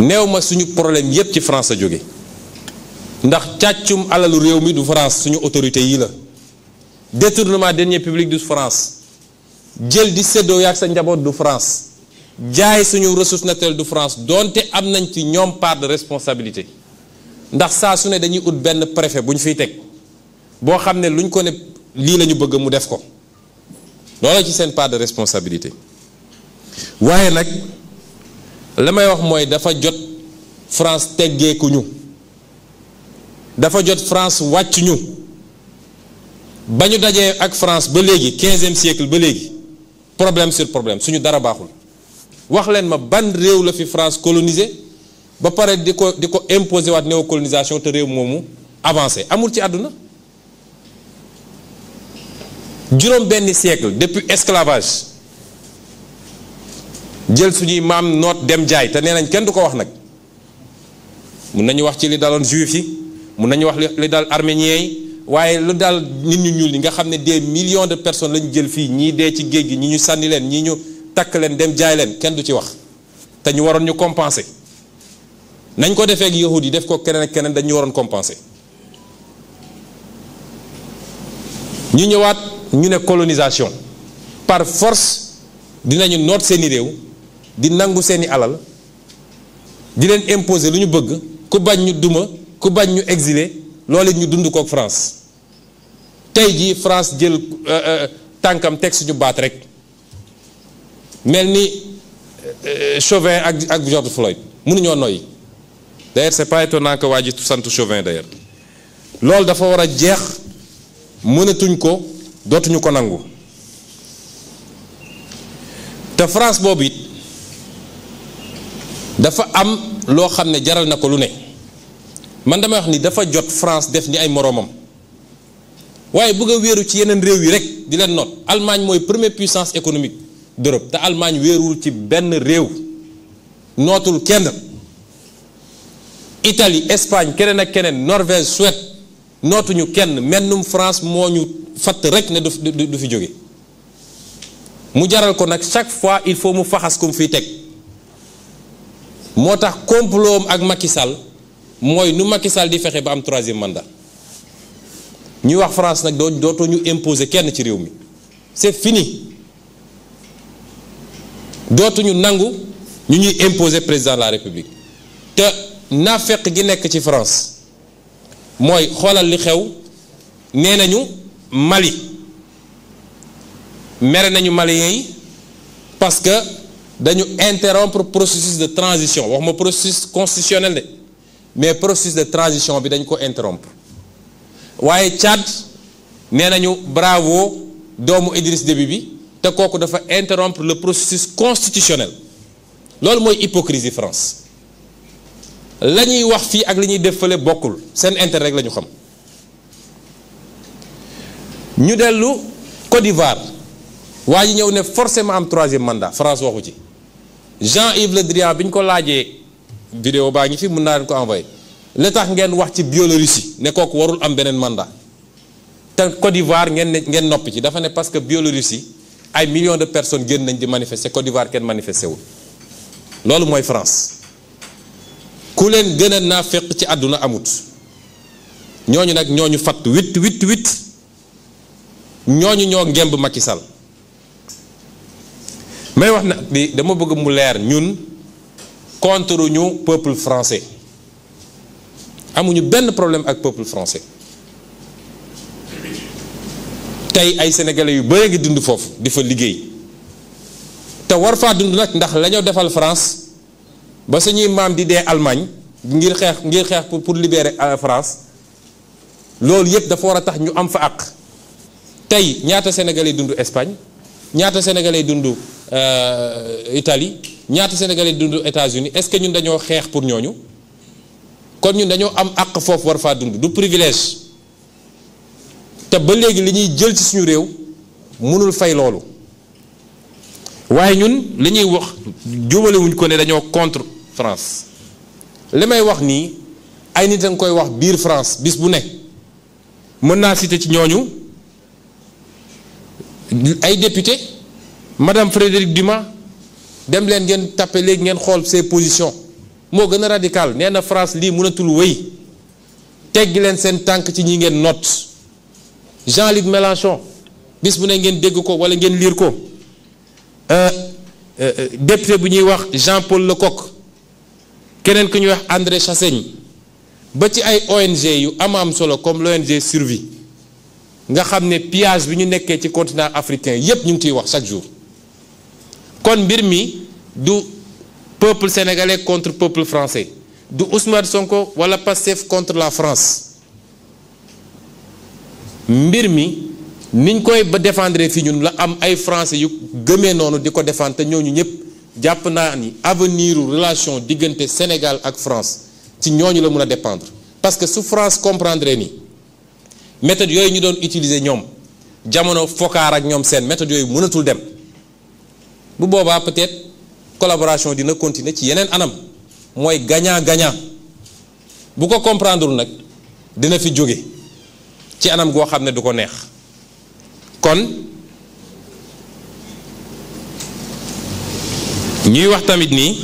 neew ma suñu problème yépp ci France a jóge ndax càccum alalu réew mi du France suñu autorité yii la détournement deniers publics du France jël di séddoo ak sa njaboot du France jaay suñu ressource naturelle du France donte am nañ ci ñoom part de responsabilité ndax saa su ne dañuy ut benn préfet bu ñu fiy teg boo xam ne luñ ko ne lii la ñu bëgg mu def ko loolu ci seen part de responsabilité waaye nag la may wax mooy dafa jot France teggeeku ñu dafa jot France wàcc ñu ba ñu dajee ak France ba léegi quinzième siècle ba léegi problème sur problème suñu dara baaxul wax leen ma ban réew la fi France coloniser ba pare di ko di ko imposé waat néocolonisation te réew moomu avancé amul ci àdduna juróom benn siècle depuis esclavage jël suñuy maam noot dem jaay te nee nañ kenn du ko wax nag mun nañu wax ci li daloon juif yi mun nañu wax li dal arméniens yi waaye lu dal nit ñu ñuul yi nga xam ne des million de personnes lañu jël fii ñii dee ci géej gi ñi ñu sànni leen ñi ñu takk leen dem jaay leen kenn du ci wax te ñu waroon ñu compenser nañ ko defee ak yahud yi def ko keneen ak keneen dañu waroon compenser ñu ñëwaat ñu ne colonisation par force dinañu noot seeni réew di nangu seeni alal di leen imposer lu ñu bëgg ku bañ ñu duma ku bañ ñu exiler loolu ñu dund kook France tey jii France jël euh, euh, tànkam teg suñu baat rek mel ni euh, Chauvin ak ak George Floyd mënuñoo noyyi d'ailleurs c'est pas étonnant waa ji sant Chauvin d'ailleurs loolu dafa war a jeex mënatuñ ko dootuñu ko nangu te France boobu it dafa am loo xam ne jaral na ko lu ne man damay wax ni dafa jot France def ni ay moroomam waaye bëgg a wéeru ci yeneen réew yi rek di leen noot Allemagne mooy première puissance économique d'Europe te Allemagne wéerul ci benn réew nootul kenn Italie Espagne keneen ak keneen Norvège Suède nootuñu kenn mennum France moo ñu fàtt rek ne du du fi jóge mu jaral ko nag chaque fois il faut mu faxas ko mu fiy teg moo tax complot ak Macky Sall mooy nu makisal di fexe ba am troisième mandat ñuy wax France nag doo dootoo ñu imposer kenn ci réew mi c'est fini dootuñu nangu ñu ñuy imposer président la république te naafeq gi nekk ci France mooy xoolal li xew nee nañu Mali mere nañu mali yi parce dañu interrompre processus de transition wax ma processus constitutionnel de mais processus de transition bi dañ ko interrompre waaye Tchad nee nañu bravo doomu Idriss Déby bi te kooku dafa interrompre le processus constitutionnel loolu mooy hypocrisie France la ñuy wax fii ak li ñuy def fële bokkul seen intérêt rek la ñu xam ñu dellu Côte d'Ivoire waa ji ñëw ne forcément am troisième mandat France waxu ci Jean-Yves Le Drian bi ñu ko laajee vidéo baa ngi fi mun naa leen ko envoyé li tax ngeen wax ci yi ne kooku warul am beneen mandat te Côte d'Ivoire ngeen ne ngeen noppi ci dafa ne parce que yi ay millions de personnes génn nañ di manifester Côte d'Ivoire kenn manifesté loolu mooy France ku leen gën a naafeq ci àdduna amut ñoo ñu nag ñooñu fatt wit wit wit ñooñu ñoo ngemb Macky Sall may wax nag di dama bëgg mu leer ñun contre ñu peuple français amuñu benn problème ak peuple français tey ay sénégalais yu bare ngi dund foofu di fa liggéey te war faa dund nag ndax la defal France ba suñuy maam di dee Allemagne ngir xeex ngir xeex pour pour libérer euh, France loolu yëpp dafa war a tax ñu am fa àq tey ñaata sénégalais dund Espagne ñaata sénégalais dund. Euh, Italie ñaata sénégalais di dund États-Unis est-ce que ñun dañoo xeex pour ñooñu kon ñun dañoo am àq foofu war faa dund du privilège te ba léegi li ñuy jël ci suñu réew mënul fay loolu waaye ñun li ñuy wax jubalewuñ ko ne dañoo contre France li may wax nii ay nit a koy wax biir France bis bu ne mën naa citer ci ñooñu ay député madame Frédérique Dumas dem leen ngeen tappe léegi ngeen xool ses position moo gën a radical nee na France lii mënatul wéy teggi leen seen tànk ci ñi ngeen noot Jean-Luc Mélenchon bis bu ne ngeen dégg ko wala ngeen liir ko euh, euh, depte bu ñuy wax Jean-Paul Lecoq keneen ku ñuy wax André Chassaigne ba ci ay ONG yu am am solo comme l'ONG Survie nga xam ne pillage bi ñu nekkee ci continent africain yépp ñu ngi ciy wax chaque jour kon mbir mi du peuple sénégalais contre peuple français du Ousmane Sonko wala Pastef contre la France mbir mi niñ koy ba défendre fii ñun la am ay français yu gëmee noonu di ko défendre te ñooñu ñëpp jàpp naa ni avenir relation diggante Sénégal ak France ci ñooñu la mën a dépendre parce que su France comprendre ni méthode yooyu ñu doon utiliser ñoom jamono fokaar ak ñoom seen méthode yooyu mënatul dem. bu boobaa peut-être collaboration dina continuer ci yeneen anam mooy gañaa gagnant bu ko comprendre nag dina fi jóge ci anam goo xam ne du ko neex kon ñuy wax tamit nii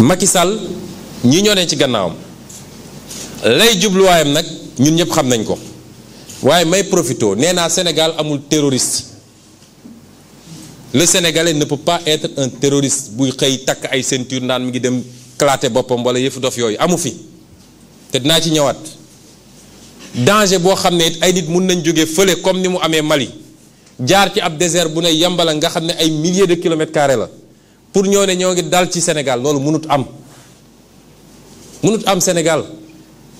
Macky Sall ñi ñoo ne ci gannaawam lay jubluwaayam nag ñun ñëpp xam nañ ko waaye may profito nee naa Sénégal amul terroriste le sénégalais ne peut pas être un terroriste buy xëy takk ay ceinture naan mi ngi dem claté boppam wala yëfu dof yooyu amu fi te dinaa ci ñëwaat danger boo xam ne ay nit mun nañ jóge fële comme ni mu amee Mali jaar ci ab désert bu ne yambala nga xam ne ay milliers de kilomètres carrés la pour ñoo ne ñoo ngi dal ci Sénégal loolu mënut am mënut am Sénégal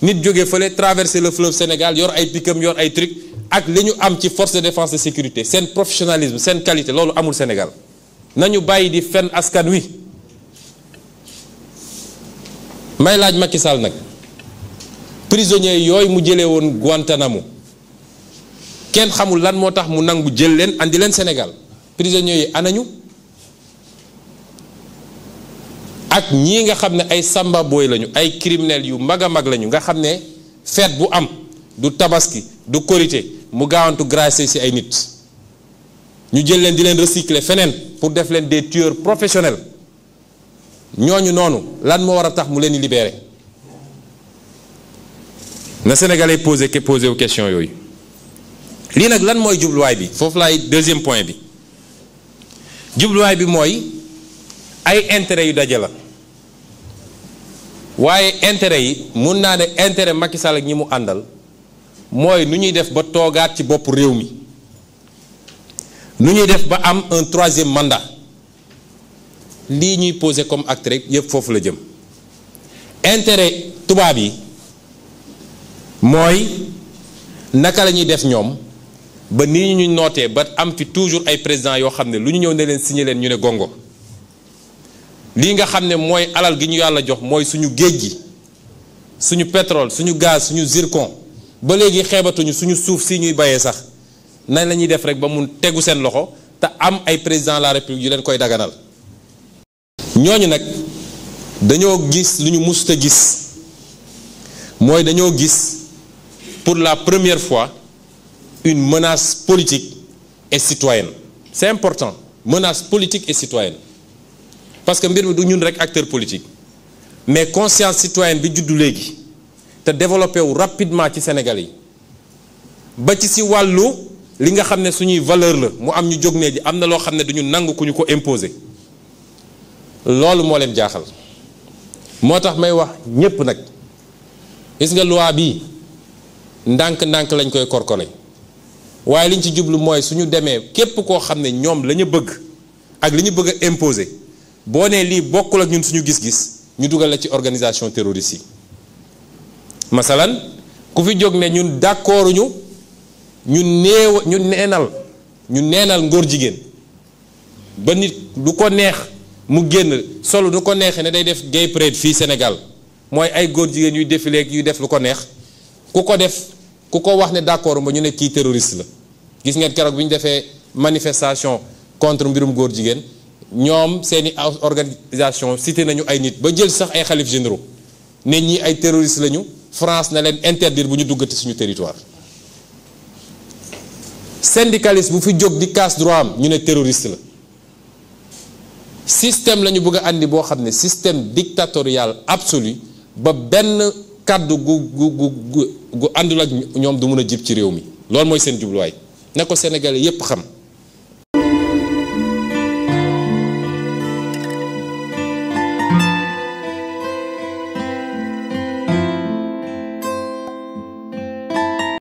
nit jóge fële traverser la fleuve Sénégal yor ay pikam yor ay truc ak li ñu am ci force de défense de sécurité seen professionnalisme seen qualité loolu amul Sénégal nañu bàyyi di fenn askan wi may laaj Macky Sall nag prisonniers yooyu mu jëlee woon Guantanamo kenn xamul lan moo tax mu nangu jël leen indi leen Sénégal prisonniers yi anañu ak ñii nga xam ne ay samba lañu ay criminels yu mag a mag lañu nga xam ne seet bu am. du tabaski du korite mu gaawantu gracier si ay nit ñu jël leen di leen recycler feneen pour def leen des tueurs professionnels ñooñu noonu lan moo war a tax mu leen di libeere na Sénégalais posé posé wu question yooyu lii nag lan mooy jubluwaay bi foofu laay deuxième point bi jubluwaay bi mooy ay intérêt yu daje la waaye intérêt yi mun naa ne intérêt Macky Sall ak ñi mu àndal. mooy nu ñuy def ba toogaat ci bopp réew mi nu ñuy def ba am un troisième mandat lii ñuy posé comme acte rek yëpp foofu la jëm intérêt tubaab yi mooy naka la ñuy def ñoom ba nii ñu nootee ba am fi toujours ay président yoo xam ne lu ñu ñëw ne leen signé leen ñu ne gongo lii nga xam ne mooy alal gi ñu yàlla jox mooy suñu géej gi suñu pétrole suñu gaz suñu zircon ba léegi xeebatuñu suñu suuf si ñuy bayee sax nañ la ñuy def rek ba mun tegu seen loxo te am ay président la république yu leen koy daganal ñooñu nag dañoo gis lu ñu musuta gis mooy dañoo gis pour la première fois une menace politique et citoyenne c'est important menace politique et citoyenne parce que mbir mi du ñun rek acteur politique mais conscience citoyenne bi juddu léegi te développé wu rapidement ci Sénégal yi ba ci si wàllu li nga xam ne suñuy valeur la mu am ñu jóg ne ji am na loo xam ne duñu nangu ku ñu ko imposer loolu moo leen jaaxal moo tax may wax ñépp nag gis nga loi bi ndànk-ndànk lañ koy korkole waaye liñ ci jublu mooy suñu demee képp koo xam ne ñoom la ñu bëgg ak li ñu bëgg a imposer boo nee lii bokkul ak ñun suñu gis-gis ñu dugal la ci organisation terroriste yi masalan ku fi jóg ne ñun d'accorduñu ñu néew ñu neenal ñu neenal ngóor jigéen ba nit lu ko neex mu génn solo du ko neexee ne day def gay parade fii Sénégal mooy ay góor jigéen yuy défilé yuy def lu ko neex ku ko def ku ko wax ne d'accord ma ñu ne kii terroriste la gis ngeen keroog bi ñu defee manifestation contre mbirum góor jigéen ñoom seeni organisation cité nañu ay nit ba jël sax ay xalif généraux ne ñi ay terroriste lañu France na leen interdire bu ñu duggati suñu territoire syndicaliste bu fi jóg di casse droit am ñu ne terroriste la système lañu ñu bëgg boo xam ne système dictatorial absolu ba benn kàddu gu gu gu gu àndul ak ñoom du mën a jib ci réew mi loolu mooy seen jubluwaay na ko sénégalais yépp xam